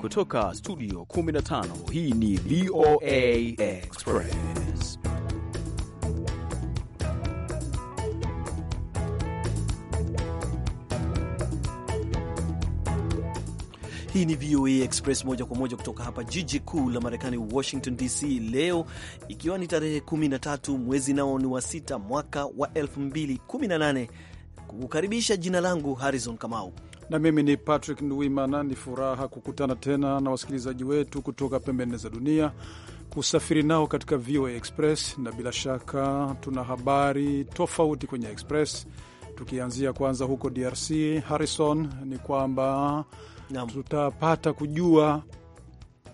Kutoka studio 15 hii ni VOA Express. Hii ni VOA Express moja kwa moja kutoka hapa jiji kuu la Marekani, Washington DC, leo ikiwa ni tarehe 13 mwezi nao ni wa sita mwaka wa 2018 kukukaribisha. Jina langu Harrison Kamau na mimi ni Patrick Nduimana. Ni furaha kukutana tena na wasikilizaji wetu kutoka pembe nne za dunia, kusafiri nao katika VOA Express, na bila shaka tuna habari tofauti kwenye Express, tukianzia kwanza huko DRC. Harrison, ni kwamba tutapata kujua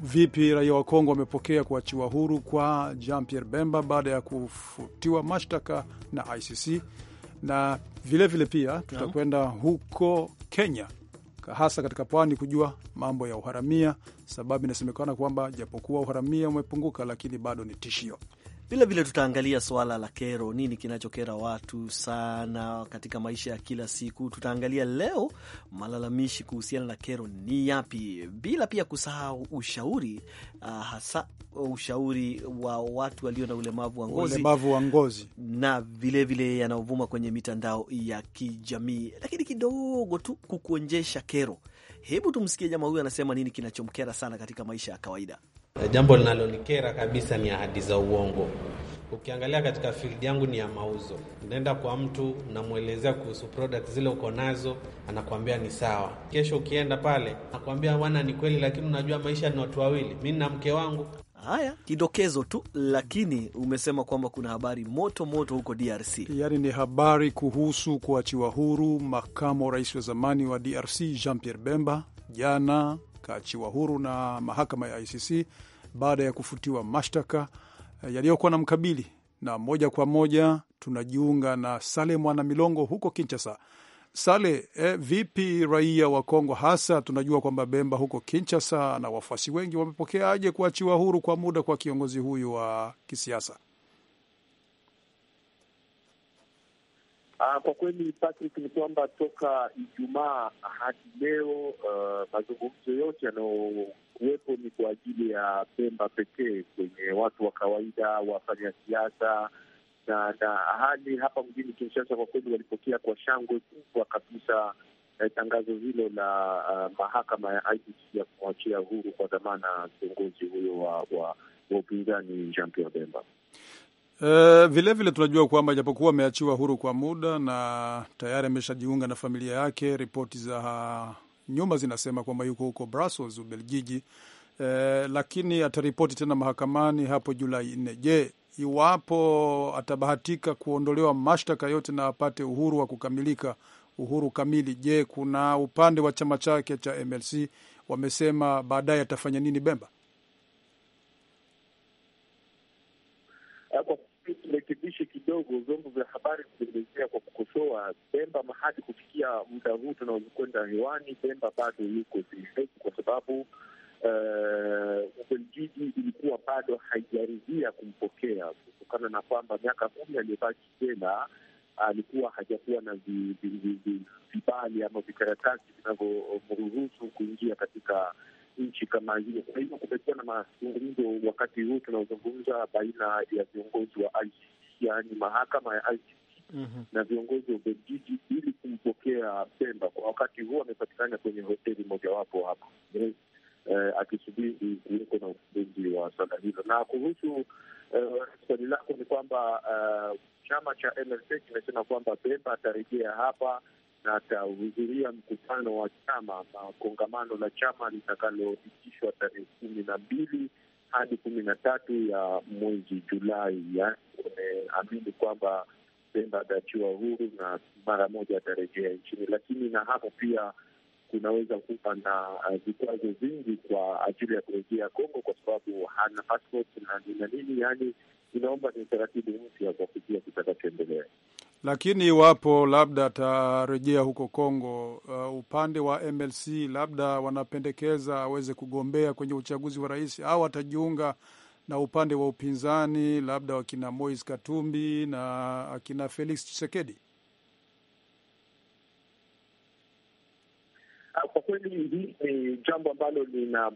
vipi raia wa Kongo wamepokea kuachiwa huru kwa Jean Pierre Bemba baada ya kufutiwa mashtaka na ICC, na vilevile vile pia tutakwenda huko Kenya, hasa katika pwani, kujua mambo ya uharamia, sababu inasemekana kwamba japokuwa uharamia umepunguka, lakini bado ni tishio. Vilevile tutaangalia swala la kero, nini kinachokera watu sana katika maisha ya kila siku. Tutaangalia leo malalamishi kuhusiana na kero ni yapi, bila pia kusahau ushauri uh, hasa ushauri wa watu walio na ulemavu wa ngozi, ulemavu wa ngozi, na vilevile yanayovuma kwenye mitandao ya kijamii. Lakini kidogo tu kukuonjesha kero, hebu tumsikie jamaa huyu anasema nini kinachomkera sana katika maisha ya kawaida. Eh, jambo linalonikera kabisa ni ahadi za uongo. Ukiangalia katika field yangu ni ya mauzo, naenda kwa mtu namwelezea kuhusu product zile uko nazo, anakuambia ni sawa. Kesho ukienda pale, nakuambia bwana, ni kweli, lakini unajua maisha ni watu wawili, mimi na mke wangu. Haya, kidokezo tu, lakini umesema kwamba kuna habari moto moto huko DRC. Yaani ni habari kuhusu kuachiwa huru makamu rais wa zamani wa DRC Jean Pierre Bemba jana kaachiwa huru na mahakama ya ICC baada ya kufutiwa mashtaka eh, yaliyokuwa na mkabili. Na moja kwa moja tunajiunga na Sale Mwana Milongo huko kinchasa Sale, eh, vipi raia wa Kongo, hasa tunajua kwamba Bemba huko kinchasa na wafuasi wengi wamepokeaje kuachiwa huru kwa muda kwa kiongozi huyu wa kisiasa? Uh, kwa kweli Patrick, ni kwamba toka Ijumaa hadi leo uh, mazungumzo yote yanayokuwepo ni kwa ajili ya Pemba pekee, kwenye watu wa kawaida, wafanya siasa na na hali hapa mjini Kinshasa. Kwa kweli walipokea kwa shangwe kubwa kabisa eh, tangazo hilo la uh, mahakama ya ICC ya kumwachia huru kwa dhamana kiongozi huyo wa, wa, wa upinzani Jean Pierre Bemba. E, vile vile tunajua kwamba japokuwa ameachiwa huru kwa muda na tayari ameshajiunga na familia yake, ripoti za nyuma zinasema kwamba yuko huko Brussels, Ubelgiji. E, lakini ataripoti tena mahakamani hapo Julai nne. Je, iwapo atabahatika kuondolewa mashtaka yote na apate uhuru wa kukamilika uhuru kamili, je, kuna upande wa chama chake cha MLC wamesema baadaye atafanya nini Bemba? Eh, nirekebishe kidogo, vyombo vya habari vilielezea kwa kukosoa Bemba mahali kufikia muda huu tunaokwenda hewani, Bemba bado yuko zilizetu kwa sababu eh, Ubelgiji uh, ilikuwa bado haijaridhia kumpokea kutokana na kwamba miaka kumi aliyobaki jela alikuwa hajakuwa na vibali ama vikaratasi vinavyomruhusu kuingia katika nchi kama hiyo. Kwa hivyo kumekuwa na mazungumzo wakati huu tunaozungumza baina ya viongozi wa ICC yaani mahakama ya ICC mm -hmm. na viongozi wa Ubelgiji ili kumpokea Pemba. Kwa wakati huo amepatikana kwenye hoteli mojawapo hapo eh, akisubiri kuweko na ufunguzi wa swala hilo. Na kuhusu eh, swali eh, lako ni kwamba eh, chama cha MLC kimesema kwamba Pemba atarejea hapa na atahudhuria mkutano wa chama na kongamano la chama litakaloitishwa tarehe kumi na mbili hadi kumi na tatu ya mwezi Julai, yaani wameamini kwamba Bemba atachiwa huru na mara moja atarejea nchini, lakini na hapo pia kunaweza kuwa na uh, vikwazo uh, vingi kwa ajili ya kurejea Kongo kwa sababu hana passport na nina nini, yani inaomba ni utaratibu mpya kwa kujua kitakachoendelea. Lakini iwapo labda atarejea huko Kongo, uh, upande wa MLC labda wanapendekeza aweze kugombea kwenye uchaguzi wa rais au atajiunga na upande wa upinzani, labda wakina Moise Katumbi na akina Felix Tshisekedi? Ah, kwa kweli hii ni jambo ambalo lina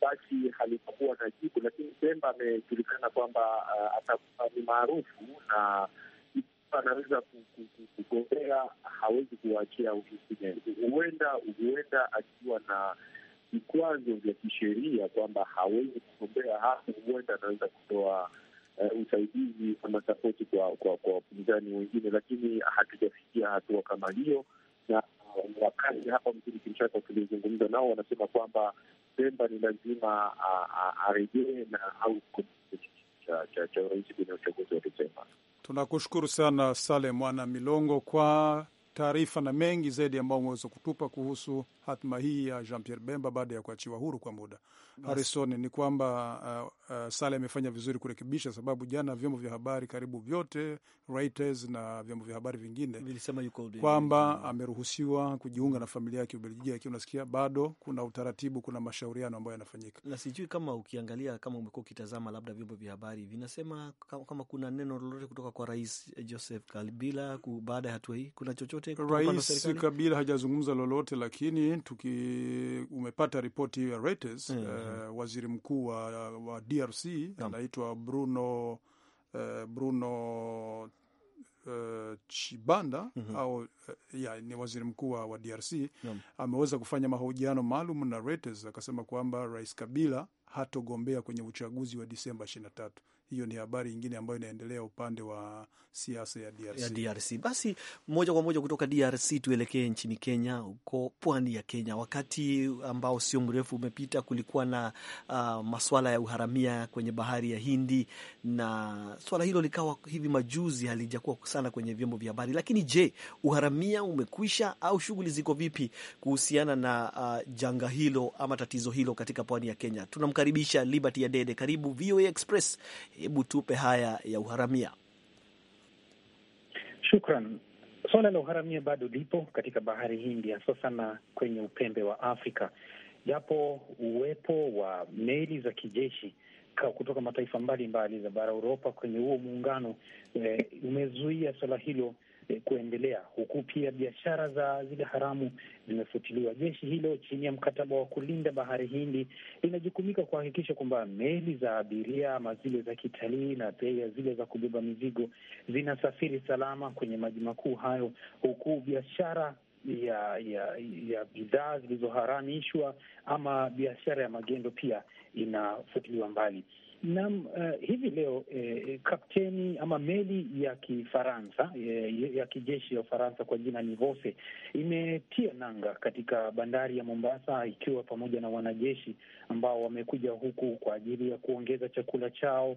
basi halikuwa na jibu, lakini Bemba amejulikana kwamba uh, atakuwa ni maarufu na ikiwa anaweza kugombea hawezi kuwachia wengine, huenda huenda akiwa na vikwazo vya kisheria kwamba hawezi kugombea, hapo, huenda anaweza kutoa uh, usaidizi ama sapoti kwa kwa kwa wapinzani wengine, lakini hatujafikia hatua kama hiyo. Na uh, wakazi hapa mjini Kinshasa tulizungumza nao, wanasema kwamba Pemba ni lazima arejee na au cha cha urais kwenye uchaguzi wa Desemba. Tunakushukuru sana Sale Mwana Milongo kwa taarifa na mengi zaidi ambayo umeweza kutupa kuhusu hatima hii ya Jean Pierre Bemba baada ya kuachiwa huru kwa muda. Harrison, ni kwamba uh, uh, Sale amefanya vizuri kurekebisha, sababu jana vyombo vya habari karibu vyote Reuters na vyombo vya habari vingine kwamba ameruhusiwa kujiunga na familia yake Ubelgiji, lakini unasikia bado kuna utaratibu, kuna mashauriano ambayo yanafanyika, na sijui kama ukiangalia, kama umekuwa ukitazama, labda vyombo vya habari vinasema kama kuna neno lolote kutoka kwa Rais Joseph Kabila baada ya hatua hii, kuna chochote? Rais Kabila hajazungumza lolote, lakini Berlin tuki, umepata ripoti hiyo ya Reuters mm -hmm. uh, waziri mkuu wa, wa DRC anaitwa Bruno uh, Bruno Uh, Chibanda mm -hmm. au uh, ya, ni waziri mkuu wa DRC yeah. Ameweza kufanya mahojiano maalum na Reuters akasema kwamba Rais Kabila hatogombea kwenye uchaguzi wa Disemba tatu hiyo ni habari ingine ambayo inaendelea upande wa siasa ya DRC. ya DRC. Basi moja kwa moja kutoka DRC tuelekee nchini Kenya, huko pwani ya Kenya. Wakati ambao sio mrefu umepita, kulikuwa na uh, maswala ya uharamia kwenye bahari ya Hindi, na swala hilo likawa hivi majuzi halijakuwa sana kwenye vyombo vya habari. Lakini je, uharamia umekwisha au shughuli ziko vipi kuhusiana na uh, janga hilo ama tatizo hilo katika pwani ya Kenya? Tunamkaribisha Liberty Adede. Karibu VOA Express Hebu tupe haya ya uharamia. Shukran. Suala la uharamia bado lipo katika bahari Hindi, hasa sana kwenye upembe wa Afrika, japo uwepo wa meli za kijeshi kutoka mataifa mbalimbali za bara Uropa kwenye huo muungano e, umezuia suala hilo e, kuendelea, huku pia biashara za zile haramu zimefutiliwa. Jeshi hilo chini ya mkataba wa kulinda bahari Hindi linajukumika kuhakikisha kwamba meli za abiria ama zile za kitalii na pia zile za kubeba mizigo zinasafiri salama kwenye maji makuu hayo, huku biashara ya ya ya bidhaa zilizoharamishwa ama biashara ya magendo pia inafutiliwa mbali. Naam, uh, hivi leo eh, kapteni ama meli ya Kifaransa eh, ya kijeshi ya Ufaransa kwa jina Nivose imetia nanga katika bandari ya Mombasa ikiwa pamoja na wanajeshi ambao wamekuja huku kwa ajili ya kuongeza chakula chao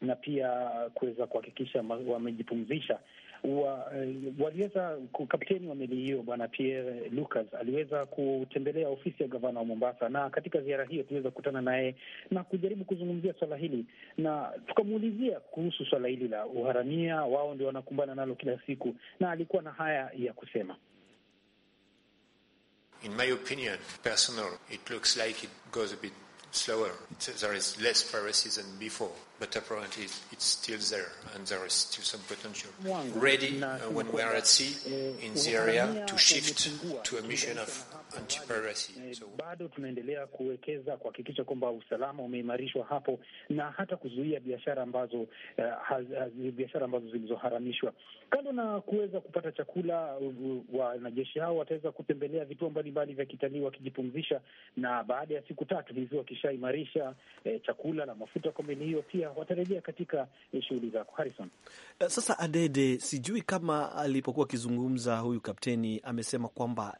na pia kuweza kuhakikisha wamejipumzisha wa, eh, waliweza kapteni wa meli hiyo bwana Pierre Lucas aliweza kutembelea ofisi ya gavana wa Mombasa, na katika ziara hiyo tuliweza kukutana naye na kujaribu kuzungumzia swala hili, na tukamuulizia kuhusu swala hili la uharamia, wao ndio wanakumbana nalo kila siku, na alikuwa na haya ya kusema. In my opinion personal it looks like it goes a bit slower. It's, there is less piracy than before, but apparently it's still there, and there is still some potential. Ready uh, when we are at sea in the area to shift to a mission of Eh, bado tunaendelea kuwekeza kuhakikisha kwamba usalama umeimarishwa hapo na hata kuzuia biashara ambazo uh, biashara ambazo zilizoharamishwa. Kando na kuweza kupata chakula, wanajeshi hao wataweza kutembelea vituo mbalimbali vya kitalii wakijipumzisha, na baada ya siku tatu hizi wakishaimarisha eh, chakula na mafuta kwa meli hiyo, pia watarejea katika eh, shughuli zako. Harrison, eh, sasa Adede, sijui kama alipokuwa akizungumza huyu kapteni amesema kwamba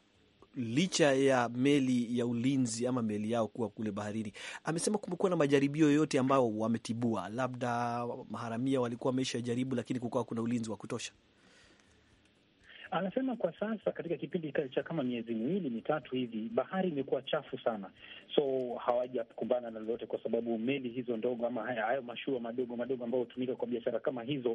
licha ya meli ya ulinzi ama meli yao kuwa kule baharini. Amesema kumekuwa na majaribio yoyote ambayo wametibua, labda maharamia walikuwa wameisha jaribu, lakini kukawa kuna ulinzi wa kutosha. Anasema kwa sasa katika kipindi cha kama miezi miwili mitatu hivi, bahari imekuwa chafu sana, so hawajakumbana na lolote, kwa sababu meli hizo ndogo ama hayo mashua madogo madogo ambayo hutumika kwa biashara kama hizo,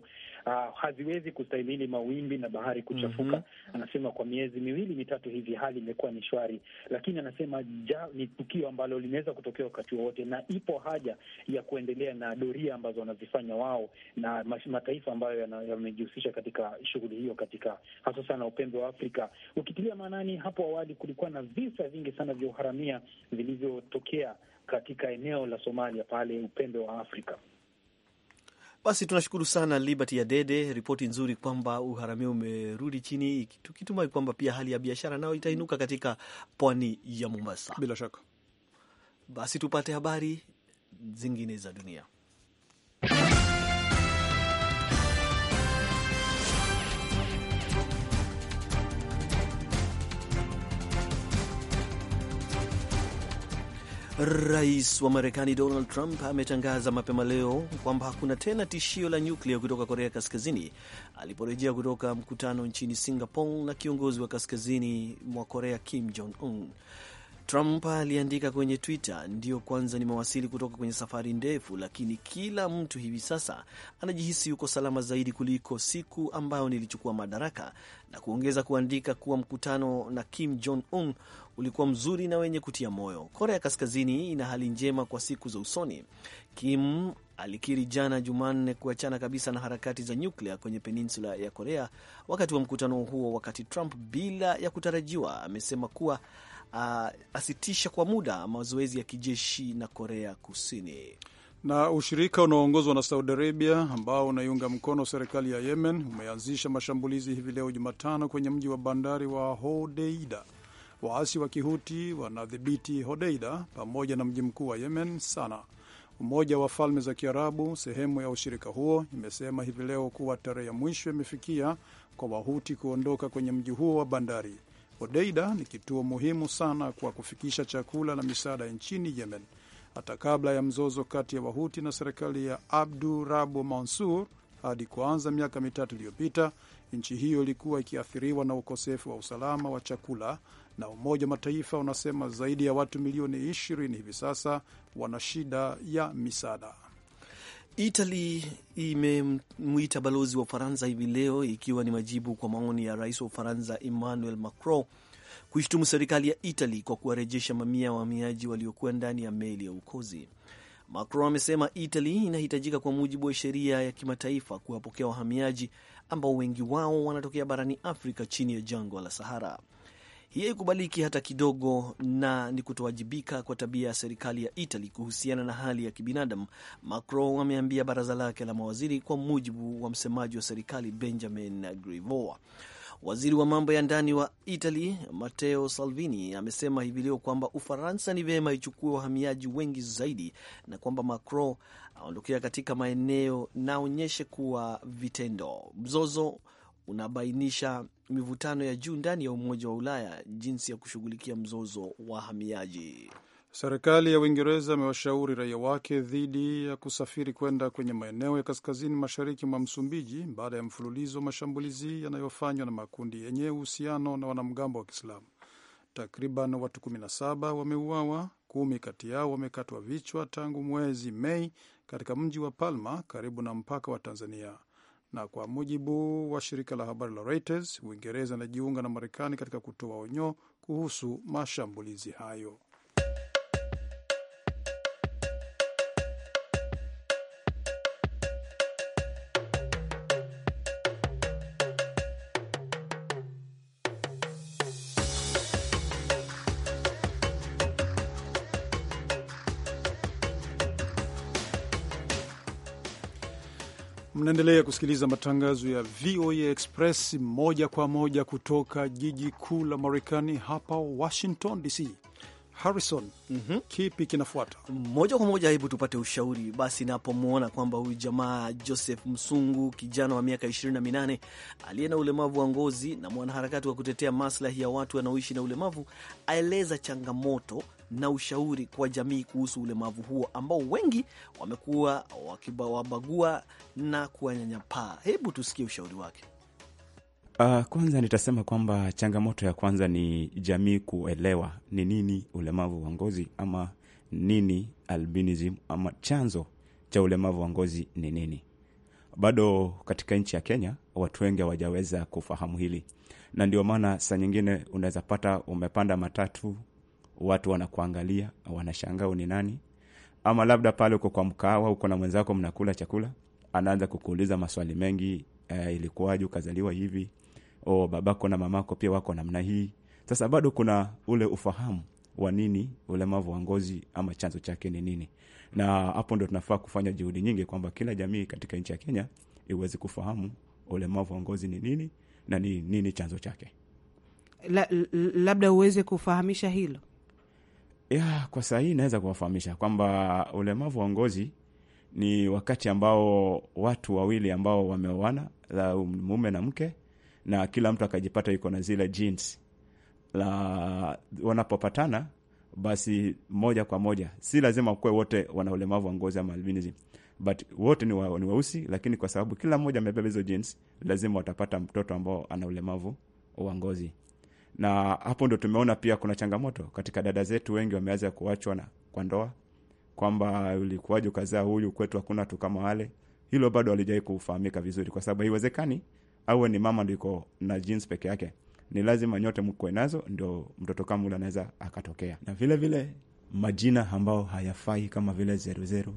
uh, haziwezi kustahimili mawimbi na bahari kuchafuka. mm -hmm. Anasema kwa miezi miwili mitatu hivi hali imekuwa ni shwari, lakini anasema ja, ni tukio ambalo linaweza kutokea wakati wowote, na ipo haja ya kuendelea na doria ambazo wanazifanya wao na mataifa ambayo yamejihusisha katika shughuli hiyo katika hasa sana upembe wa Afrika. Ukitilia maanani, hapo awali kulikuwa na visa vingi sana vya uharamia vilivyotokea katika eneo la Somalia, pale upembe wa Afrika. Basi tunashukuru sana Liberty ya Dede, ripoti nzuri kwamba uharamia umerudi chini, tukitumai kwamba pia hali ya biashara nayo itainuka katika pwani ya Mombasa. Bila shaka, basi tupate habari zingine za dunia. Rais wa Marekani Donald Trump ametangaza mapema leo kwamba hakuna tena tishio la nyuklia kutoka Korea Kaskazini aliporejea kutoka mkutano nchini Singapore na kiongozi wa kaskazini mwa Korea Kim Jong Un. Trump aliandika kwenye Twitter, ndiyo kwanza nimewasili kutoka kwenye safari ndefu, lakini kila mtu hivi sasa anajihisi yuko salama zaidi kuliko siku ambayo nilichukua madaraka, na kuongeza kuandika kuwa mkutano na Kim Jong Un ulikuwa mzuri na wenye kutia moyo. Korea Kaskazini ina hali njema kwa siku za usoni. Kim alikiri jana Jumanne kuachana kabisa na harakati za nyuklia kwenye peninsula ya Korea wakati wa mkutano huo, wakati Trump bila ya kutarajiwa amesema kuwa uh, asitisha kwa muda mazoezi ya kijeshi na Korea Kusini. Na ushirika unaoongozwa na Saudi Arabia ambao unaiunga mkono serikali ya Yemen umeanzisha mashambulizi hivi leo Jumatano kwenye mji wa bandari wa Hodeida Waasi wa Kihuti wanadhibiti Hodeida pamoja na mji mkuu wa Yemen, Sana. Umoja wa Falme za Kiarabu, sehemu ya ushirika huo, imesema hivi leo kuwa tarehe ya mwisho imefikia kwa Wahuti kuondoka kwenye mji huo wa bandari. Hodeida ni kituo muhimu sana kwa kufikisha chakula na misaada nchini Yemen. Hata kabla ya mzozo kati ya Wahuti na serikali ya Abdu Rabu Mansur hadi kuanza miaka mitatu iliyopita, nchi hiyo ilikuwa ikiathiriwa na ukosefu wa usalama wa chakula na Umoja wa Mataifa unasema zaidi ya watu milioni ishirini hivi sasa wana shida ya misaada. Itali imemwita balozi wa Ufaransa hivi leo ikiwa ni majibu kwa maoni ya rais wa Ufaransa Emmanuel Macron kuishtumu serikali ya Itali kwa kuwarejesha mamia ya wahamiaji waliokuwa ndani ya meli ya ukozi. Macron amesema Itali inahitajika kwa mujibu wa sheria ya kimataifa kuwapokea wahamiaji ambao wengi wao wanatokea barani Afrika chini ya jangwa la Sahara. Hii haikubaliki hata kidogo, na ni kutowajibika kwa tabia ya serikali ya itali kuhusiana na hali ya kibinadamu, Macron ameambia baraza lake la mawaziri, kwa mujibu wa msemaji wa serikali Benjamin Grivoa. Waziri wa mambo ya ndani wa Italy Matteo Salvini amesema hivi leo kwamba Ufaransa ni vyema ichukue wahamiaji wengi zaidi na kwamba Macron aondokea katika maeneo naonyeshe kuwa vitendo mzozo unabainisha mivutano ya juu ndani ya Umoja wa Ulaya jinsi ya kushughulikia mzozo wa wahamiaji. Serikali ya Uingereza amewashauri raia wake dhidi ya kusafiri kwenda kwenye maeneo ya kaskazini mashariki mwa Msumbiji baada ya mfululizo wa mashambulizi yanayofanywa na makundi yenye uhusiano na wanamgambo wa Kiislamu. Takriban watu 17 wameuawa, kumi kati yao wamekatwa vichwa tangu mwezi Mei katika mji wa Palma karibu na mpaka wa Tanzania na kwa mujibu wa shirika la habari la Reuters, Uingereza inajiunga na Marekani katika kutoa onyo kuhusu mashambulizi hayo. Mnaendelea kusikiliza matangazo ya VOA Express moja kwa moja kutoka jiji kuu la Marekani, hapa Washington DC. Harrison, mm -hmm. Kipi kinafuata? Moja kwa moja, hebu tupate ushauri basi. Napomwona kwamba huyu jamaa Joseph Msungu, kijana wa miaka 28 aliye na ulemavu wa ngozi na mwanaharakati wa kutetea maslahi ya watu wanaoishi na ulemavu, aeleza changamoto na ushauri kwa jamii kuhusu ulemavu huo ambao wengi wamekuwa wakiwabagua na kuwanyanyapaa. Hebu tusikie ushauri wake. Uh, kwanza nitasema kwamba changamoto ya kwanza ni jamii kuelewa ni nini ulemavu wa ngozi ama nini albinism ama chanzo cha ulemavu wa ngozi ni nini. Bado katika nchi ya Kenya watu wengi hawajaweza kufahamu hili, na ndio maana saa nyingine unaweza pata umepanda matatu watu wanakuangalia, wanashangaa ni nani. Ama labda pale uko kwa mkahawa, uko na mwenzako, mnakula chakula, anaanza kukuuliza maswali mengi e, ilikuwaje ukazaliwa hivi? O, babako na mamako pia wako namna hii. Sasa bado kuna ule ufahamu wa nini ulemavu wa ngozi ama chanzo chake ni nini, na hapo ndo tunafaa kufanya juhudi nyingi kwamba kila jamii katika nchi ya Kenya iweze kufahamu ulemavu wa ngozi ni nini na ni nini chanzo chake. La, labda uweze kufahamisha hilo ya kwa sahii naweza kuwafahamisha kwamba ulemavu wa ngozi ni wakati ambao watu wawili ambao wameoana, mume na mke, na kila mtu akajipata yuko na zile jeans la wanapopatana basi moja kwa moja, si lazima kuwe wote wana ulemavu wa ngozi ama albinism, but wote ni weusi, lakini kwa sababu kila mmoja amebeba hizo jeans lazima watapata mtoto ambao ana ulemavu wa ngozi na hapo ndo tumeona pia kuna changamoto katika dada zetu, wengi wameweza kuachwa na kwa ndoa, kwamba ulikuwaje ukazaa huyu, kwetu hakuna tu kama wale. Hilo bado alijai kufahamika vizuri, kwa sababu haiwezekani awe ni mama ndiko na jeans peke yake, ni lazima nyote mkuwe nazo, ndio mtoto kama ule anaweza akatokea. Na vile vile majina ambao hayafai kama vile zeruzeru,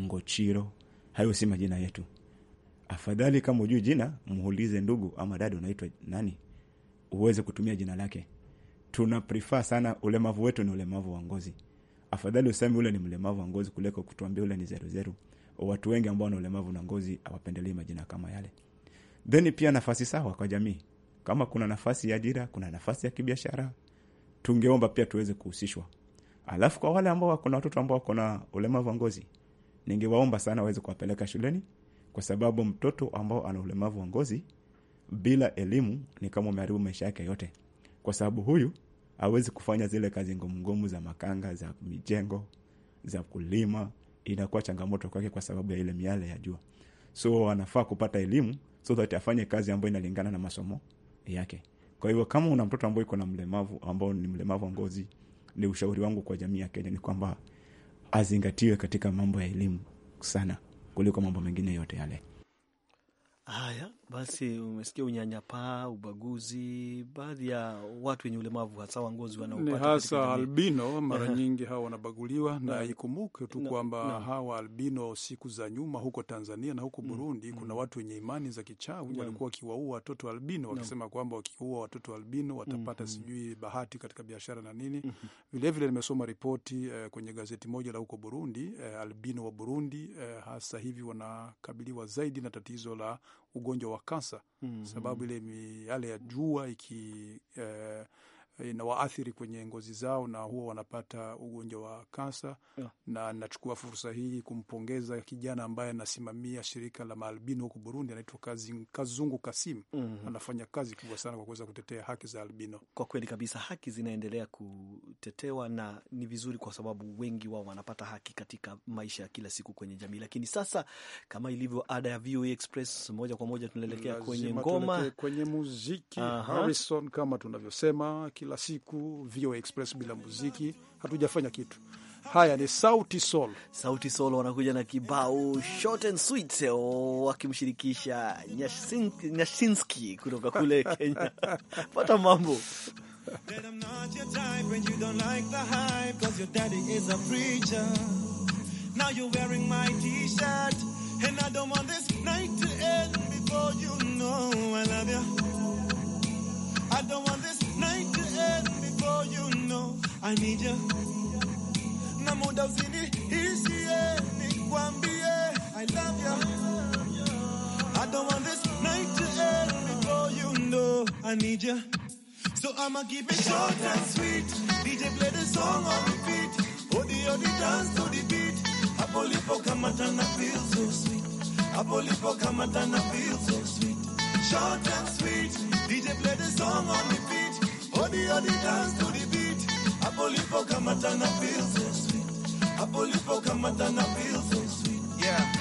ngochiro, hayo si majina yetu. Afadhali kama ujui jina, muulize ndugu ama dada, unaitwa nani? uweze kutumia jina lake. Tuna prefer sana, ulemavu wetu ni ulemavu wa ngozi. Afadhali useme ule ni mlemavu wa ngozi kuliko kutuambia ule ni zeruzeru. Watu wengi ambao wana ulemavu na ngozi hawapendelei majina kama yale. Then pia nafasi sawa kwa jamii, kama kuna nafasi ya ajira, kuna nafasi ya kibiashara, tungeomba pia tuweze kuhusishwa. Alafu kwa wale ambao wako na watoto ambao wako na ulemavu wa ngozi, ningewaomba sana waweze kuwapeleka shuleni, kwa sababu mtoto ambao ana ulemavu wa ngozi bila elimu ni kama umeharibu maisha yake yote, kwa sababu huyu hawezi kufanya zile kazi ngumu ngumu za makanga, za mijengo, za kulima. Inakuwa changamoto kwake kwa sababu ya ile miale ya jua, so anafaa kupata elimu so that afanye kazi ambayo inalingana na masomo yake. Kwa hivyo kama una mtoto ambaye iko na mlemavu ambao ni mlemavu wa ngozi, ni ushauri wangu kwa jamii ya Kenya ni kwamba azingatiwe katika mambo ya elimu sana kuliko mambo mengine yote yale. Haya basi, umesikia unyanyapaa, ubaguzi, baadhi ya watu wenye ulemavu hasa wangozi wanaopata hasa albino, mara nyingi hawa wanabaguliwa na ikumbuke tu kwamba hawa albino siku za nyuma huko Tanzania na huko mm. Burundi mm. kuna watu wenye imani za kichawi walikuwa wakiwaua watoto albino wakisema kwamba wakiua watoto albino watapata mm-hmm. sijui bahati katika biashara na nini Vilevile mm-hmm. nimesoma ripoti eh, kwenye gazeti moja la huko Burundi eh, albino wa Burundi eh, hasa hivi wanakabiliwa zaidi na tatizo la ugonjwa wa kansa mm -hmm. Sababu ile miale ya jua iki, eh, inawaathiri eh, kwenye ngozi zao na huwa wanapata ugonjwa wa kansa yeah. Na nachukua fursa hii kumpongeza kijana ambaye anasimamia shirika la maalbino huku Burundi, anaitwa Kazungu Kasim mm -hmm. Anafanya kazi kubwa sana kwa kuweza kutetea haki za albino. Kwa kweli kabisa, haki zinaendelea kutetewa na ni vizuri, kwa sababu wengi wao wanapata haki katika maisha ya kila siku kwenye jamii. Lakini sasa, kama ilivyo ada ya VOA e Express, moja kwa moja tunaelekea kwenye ngoma, kwenye muziki Harrison, kama tunavyosema kila siku VOA Express bila muziki hatujafanya kitu. Haya ni Sauti Sol. Sauti Sol wanakuja na kibao short and sweet, eh, wakimshirikisha Nyashinski kutoka kule Kenya. Pata mambo going to end before you know I need you. Na muda usiniishie, nikwambie I love you. I don't want this night to end before you know I need you. So I'ma keep it short and sweet. DJ play the song on repeat. Odi odi dance to the beat. Hapo lipo kamata na feel so sweet. Hapo lipo kamata na feel so sweet. Short and sweet. DJ play the song on repeat. Odi odi dance to the beat. Hapo lipo kama tana feel so sweet. Hapo lipo kama tana feel so sweet. Yeah.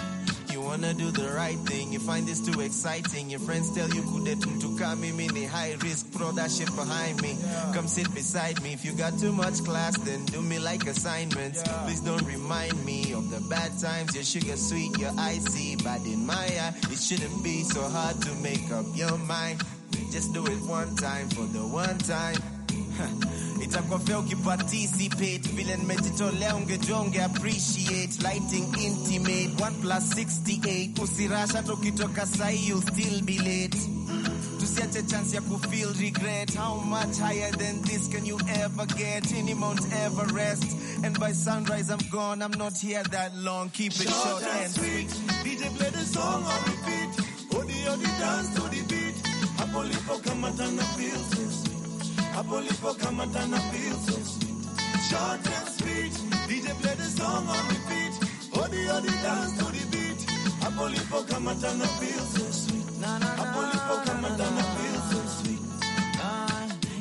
You wanna do the right thing, you find this too exciting. Your friends tell you good to come in. mini high risk, throw that shit behind me. Yeah. Come sit beside me. If you got too much class, then do me like assignments. Yeah. Please don't remind me of the bad times. Your sugar sweet, your icy, but in my eye, it shouldn't be so hard to make up your mind. Just do it one time for the one time It's itakuwa vya ukiparticipate vile nimejitolea, ungejua unge appreciate lighting intimate 1 plus 68 usirasha hata ukitoka sahi, you still be late. a chance ya feel regret. How much higher than this can you ever get? Any Mount Everest, and by sunrise I'm gone. I'm not here that long. Keep it short, short and sweet. DJ play the song on repeat. Oh, the dance to the hapo lipo kama tana feels hapo lipo kama tana feels short and sweet DJ play the song on repeat odi odi dance to the beat hapo lipo kama tana feels hapo lipo kama tana feels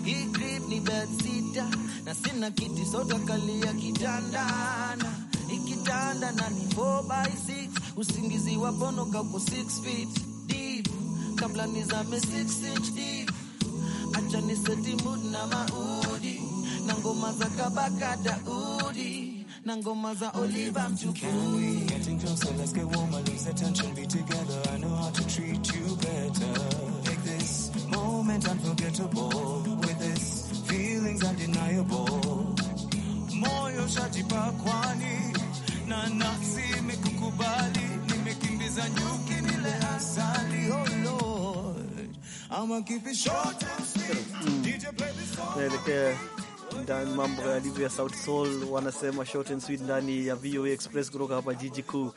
hii grip ni bed sita na sina kiti soda kalia kitandana ikitanda na ni 4 by 6 usingizi waponoka uko 6 feet kabla nizame 6 inch deep. Acha mood na maudi na ngoma za kabaka Daudi na ngoma za Oliver Mtukui. Getting closer, let's get warmer, lose the tension, be together. I know how to treat you better. Make this moment unforgettable with this feelings undeniable. Moyo shajipakwa kwani na nafsi imekukubali, nimekimbiza nyuma Naelekea mm. ndani mambo yalivyo ya South Soul, wanasema short and sweet ndani ya VOA Express kutoka hapa jiji kuu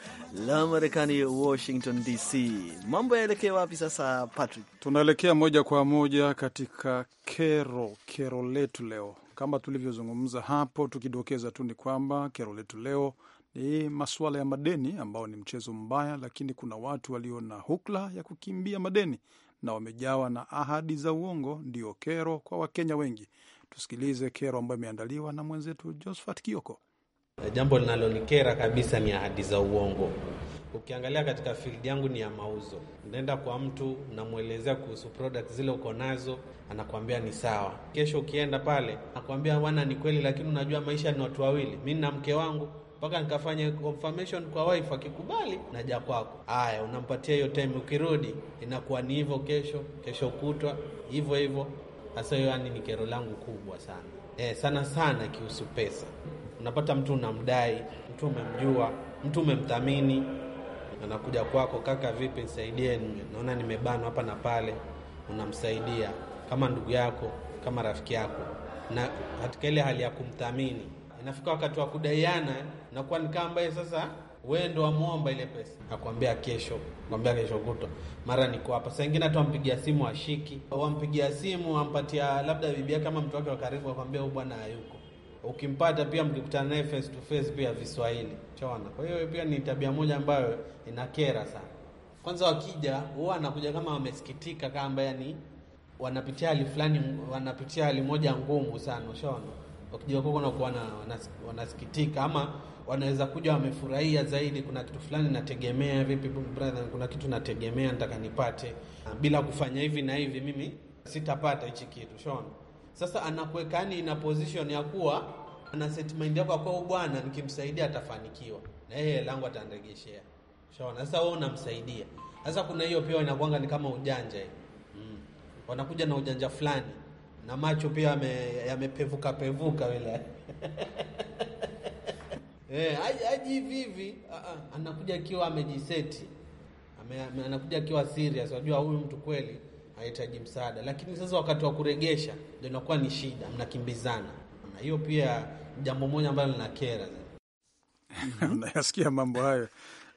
la Marekani, Washington DC. Mambo yaelekea wapi sasa, Patrick? Tunaelekea moja kwa moja katika kero kero letu leo. Kama tulivyozungumza hapo, tukidokeza tu ni kwamba kero letu leo ni masuala ya madeni ambao ni mchezo mbaya, lakini kuna watu walio na hukla ya kukimbia madeni na wamejawa na ahadi za uongo. Ndio kero kwa Wakenya wengi. Tusikilize kero ambayo imeandaliwa na mwenzetu Josphat Kioko. Jambo linalonikera kabisa ni ahadi za uongo. Ukiangalia katika field yangu ni ya mauzo, naenda kwa mtu namwelezea kuhusu product zile uko nazo, anakwambia ni sawa. Kesho ukienda pale, nakuambia bwana, ni kweli, lakini unajua maisha ni watu wawili, mi na mke wangu mpaka nikafanya confirmation kwa wife, akikubali naja kwako. Haya, unampatia hiyo time, ukirudi inakuwa ni hivyo, kesho kesho kutwa hivyo hivyo. Sasa hiyo yani ni kero langu kubwa sana eh, sana sana kihusu pesa. Unapata mtu unamdai, mtu umemjua, mtu umemthamini, anakuja kwako, kaka, vipi, nisaidie, naona nimebanwa hapa na pale, unamsaidia kama ndugu yako, kama rafiki yako, na katika ile hali ya kumthamini inafika wakati wa kudaiana, nakuwa nikaa ambaye sasa wewe ndo wamwomba ile pesa, akwambia kesho, kwambia kesho kutwa, mara niko hapa. Saa ingine hata wampigia simu ashiki, wampigia simu ampatia labda bibi yake ama mtu wake wa karibu, akwambia huyu bwana hayuko. Ukimpata pia mkikutana naye face to face pia Viswahili chaona. Kwa hiyo pia ni tabia moja ambayo inakera sana. Kwanza wakija huwa anakuja kama wamesikitika, kama yani wanapitia hali fulani, wanapitia hali moja ngumu sana, ushaona wakija huko kuwa wanasikitika ama wanaweza kuja wamefurahia zaidi. Kuna kitu fulani nategemea, vipi brother, kuna kitu nategemea nataka nipate, bila kufanya hivi na hivi mimi sitapata hichi kitu shona. Sasa anakuweka yani ina position ya kuwa ana set mind yako kwa oh, bwana, nikimsaidia atafanikiwa na yeye langu ataregeshea. Shona, sasa wewe unamsaidia. Sasa kuna hiyo pia inakuanga ni kama ujanja hivi mm. wanakuja na ujanja fulani na macho pia yamepevuka pevuka vile eh, haji hivi hivi, ah, ah, anakuja akiwa amejiseti, anakuja akiwa serious. Unajua huyu mtu kweli anahitaji msaada, lakini sasa wakati wa kuregesha ndio inakuwa ni shida, mnakimbizana. Na hiyo pia jambo moja ambalo linakera. Unayasikia mambo hayo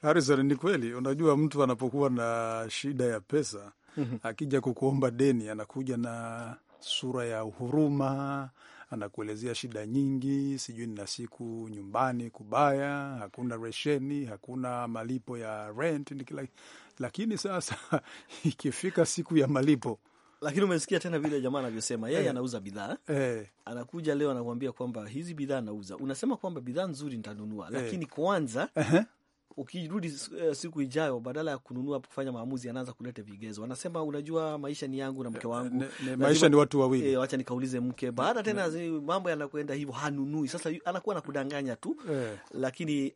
Harrison, ni kweli. Unajua mtu anapokuwa na shida ya pesa mhm. akija kukuomba deni anakuja na sura ya huruma, anakuelezea shida nyingi, sijui nina siku nyumbani kubaya, hakuna resheni, hakuna malipo ya rent ni lakini sasa ikifika siku ya malipo lakini umesikia tena vile jamaa anavyosema yeye, hey, eh. anauza bidhaa hey. Eh. Anakuja leo anakuambia kwamba hizi bidhaa anauza, unasema kwamba bidhaa nzuri nitanunua, eh. lakini kwanza uh -huh ukirudi eh, siku ijayo, badala ya kununua kufanya maamuzi, anaanza kuleta vigezo, anasema unajua, maisha ni yangu na mke eh, wangu maisha ni watu wawili, eh, wacha nikaulize mke. Baada tena mambo yanakwenda hivyo, hanunui sasa, anakuwa kudanganya tu e. Lakini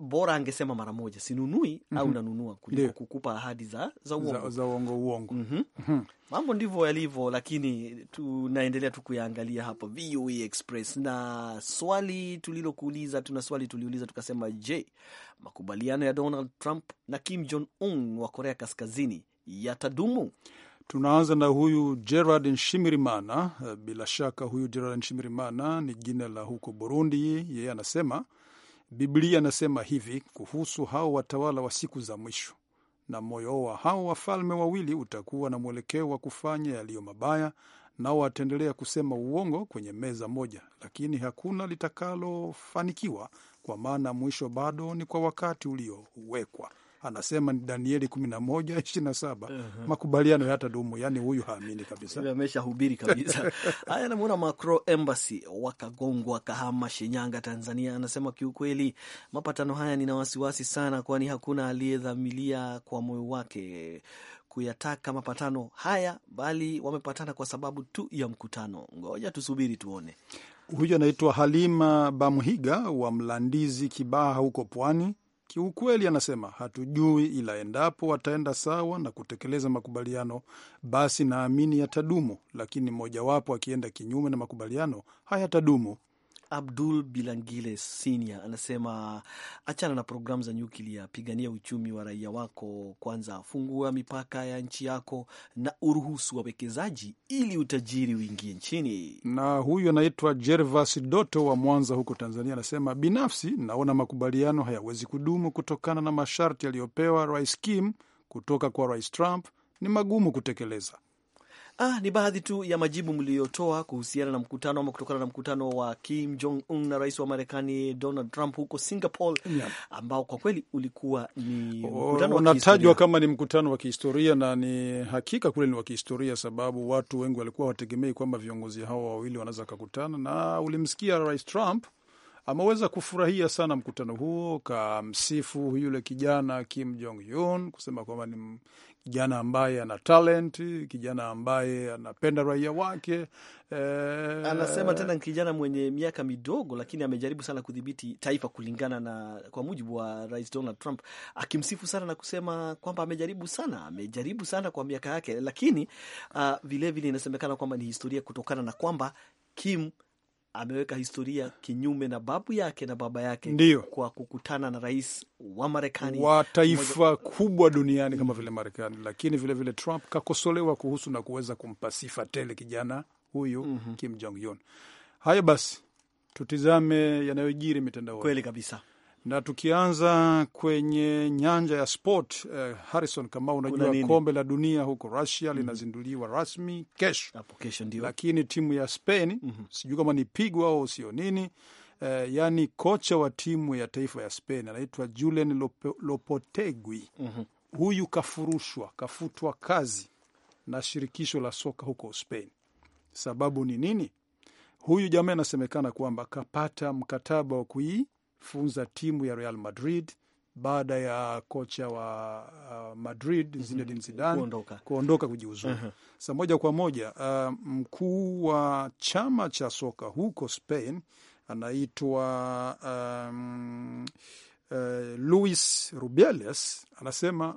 bora angesema mara moja sinunui mm -hmm. au mhm. nanunua kuliko kukupa ahadi za, za uongo, za, za uongo, uongo. Mm -hmm. Mm -hmm. Mambo ndivyo yalivyo, lakini tunaendelea tu kuyaangalia hapa VOA e Express na swali tulilokuuliza, tuna swali tuliuliza tukasema, je, makubaliano ya Donald Trump na Kim Jong Un wa Korea Kaskazini yatadumu? Tunaanza na huyu Gerard Nshimirimana. Bila shaka huyu Gerard Nshimirimana ni jina la huko Burundi. Yeye anasema Biblia anasema hivi kuhusu hao watawala wa siku za mwisho: na moyo wa hao wafalme wawili utakuwa na mwelekeo wa kufanya yaliyo mabaya, nao wataendelea kusema uongo kwenye meza moja, lakini hakuna litakalofanikiwa, kwa maana mwisho bado ni kwa wakati uliowekwa anasema ni Danieli kumi na moja na saba uh -huh. makubaliano yatadumu. Yani huyu haamini kabisa, ameshahubiri kabisa. Haya, Namuona Macro Embassy wakagongwa Kahama, Shinyanga, Tanzania, anasema kiukweli, mapatano haya nina wasiwasi sana, kwani hakuna aliyedhamilia kwa moyo wake kuyataka mapatano haya, bali wamepatana kwa sababu tu ya mkutano. Ngoja tusubiri tuone. Huyu anaitwa Halima bamhiga wa Mlandizi, Kibaha huko Pwani, Kiukweli, anasema hatujui, ila endapo wataenda sawa na kutekeleza makubaliano, basi naamini yatadumu, lakini mmojawapo akienda kinyume na makubaliano hayatadumu. Abdul Bilangile Senior anasema achana na programu za nyuklia, pigania uchumi wa raia wako kwanza, fungua mipaka ya nchi yako na uruhusu wawekezaji ili utajiri uingie nchini. Na huyu anaitwa Jervas Doto wa Mwanza huko Tanzania, anasema binafsi naona makubaliano hayawezi kudumu kutokana na masharti yaliyopewa Rais Kim kutoka kwa Rais Trump, ni magumu kutekeleza. Ah, ni baadhi tu ya majibu mliyotoa kuhusiana na mkutano ama kutokana na mkutano wa Kim Jong Un na rais wa Marekani Donald Trump huko Singapore yeah, ambao kwa kweli ulikuwa ni mkutano unatajwa kama ni mkutano wa kihistoria, na ni hakika kule ni wa kihistoria, sababu watu wengi walikuwa wategemei kwamba viongozi hao wawili wanaweza kukutana, na ulimsikia rais Trump ameweza kufurahia sana mkutano huo, kamsifu yule kijana Kim Jong Un kusema kwamba ni kijana ambaye ana talent, kijana ambaye anapenda raia wake eh, anasema tena kijana mwenye miaka midogo, lakini amejaribu sana kudhibiti taifa, kulingana na kwa mujibu wa Rais Donald Trump, akimsifu sana na kusema kwamba amejaribu sana, amejaribu sana kwa miaka yake, lakini vilevile ah, uh, vile inasemekana kwamba ni historia kutokana na kwamba Kim ameweka historia kinyume na babu yake na baba yake ndiyo, kwa kukutana na rais wa Marekani wa taifa moja... kubwa duniani kama vile Marekani. Lakini vilevile vile Trump kakosolewa kuhusu na kuweza kumpa sifa tele kijana huyu mm -hmm. Kim Jong Un. Haya basi tutizame yanayojiri mitandaoni. Kweli kabisa na tukianza kwenye nyanja ya sport eh, Harrison, kama unajua kombe la dunia huko Russia mm -hmm. linazinduliwa rasmi kesho, lakini timu ya Spain mm -hmm. sijui kama ni pigwa au sio nini eh, yani kocha wa timu ya taifa ya Spain anaitwa Julen Lop Lopotegui mm -hmm. huyu kafurushwa, kafutwa kazi na shirikisho la soka huko Spain. Sababu ni nini? Huyu jamaa anasemekana kwamba kapata mkataba wa kuii funza timu ya Real Madrid baada ya kocha wa uh, Madrid mm -hmm. Zinedine Zidane kuondoka, kuondoka kujiuzuru uh -huh. Sa moja kwa moja uh, mkuu wa chama cha soka huko Spain anaitwa um, uh, Luis Rubiales anasema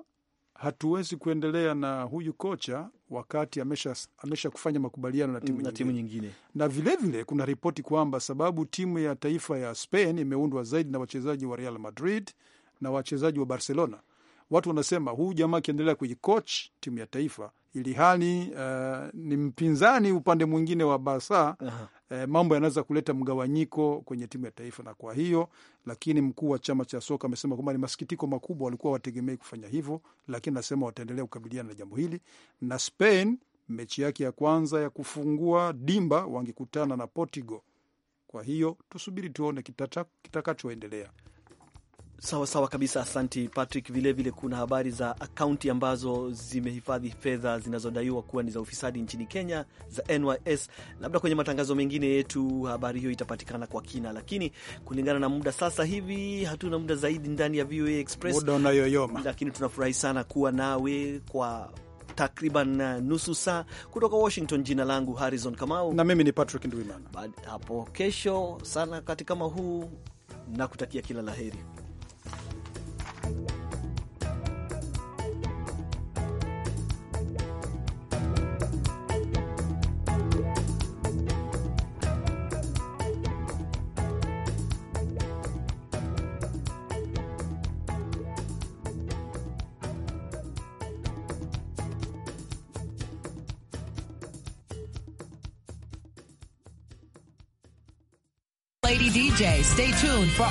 hatuwezi kuendelea na huyu kocha wakati amesha, amesha kufanya makubaliano na timu na nyingine. nyingine na vilevile vile, kuna ripoti kwamba sababu timu ya taifa ya Spain imeundwa zaidi na wachezaji wa Real Madrid na wachezaji wa Barcelona watu wanasema huu jamaa akiendelea kuikoch timu ya taifa ili hali uh, eh, ni mpinzani upande mwingine wa Barca uh -huh. Eh, mambo yanaweza kuleta mgawanyiko kwenye timu ya taifa na kwa hiyo, lakini mkuu wa chama cha soka amesema kwamba ni masikitiko makubwa, walikuwa wategemei kufanya hivyo, lakini anasema wataendelea kukabiliana na jambo hili. Na Spain mechi yake ya kwanza ya kufungua dimba wangekutana na Portugal. Kwa hiyo tusubiri tuone kitakachoendelea kita Sawa sawa kabisa, asanti Patrick. Vilevile vile kuna habari za akaunti ambazo zimehifadhi fedha zinazodaiwa kuwa ni za ufisadi nchini Kenya za NYS. Labda kwenye matangazo mengine yetu habari hiyo itapatikana kwa kina, lakini kulingana na muda sasa hivi hatuna muda zaidi ndani ya VOA Express, muda unayoyoma, lakini tunafurahi sana kuwa nawe kwa takriban nusu saa kutoka Washington. Jina langu Harrison Kamau na mimi ni Patrick Ndwimana. Hapo kesho sana wakati kama huu nakutakia kila laheri. DJ. Stay tuned for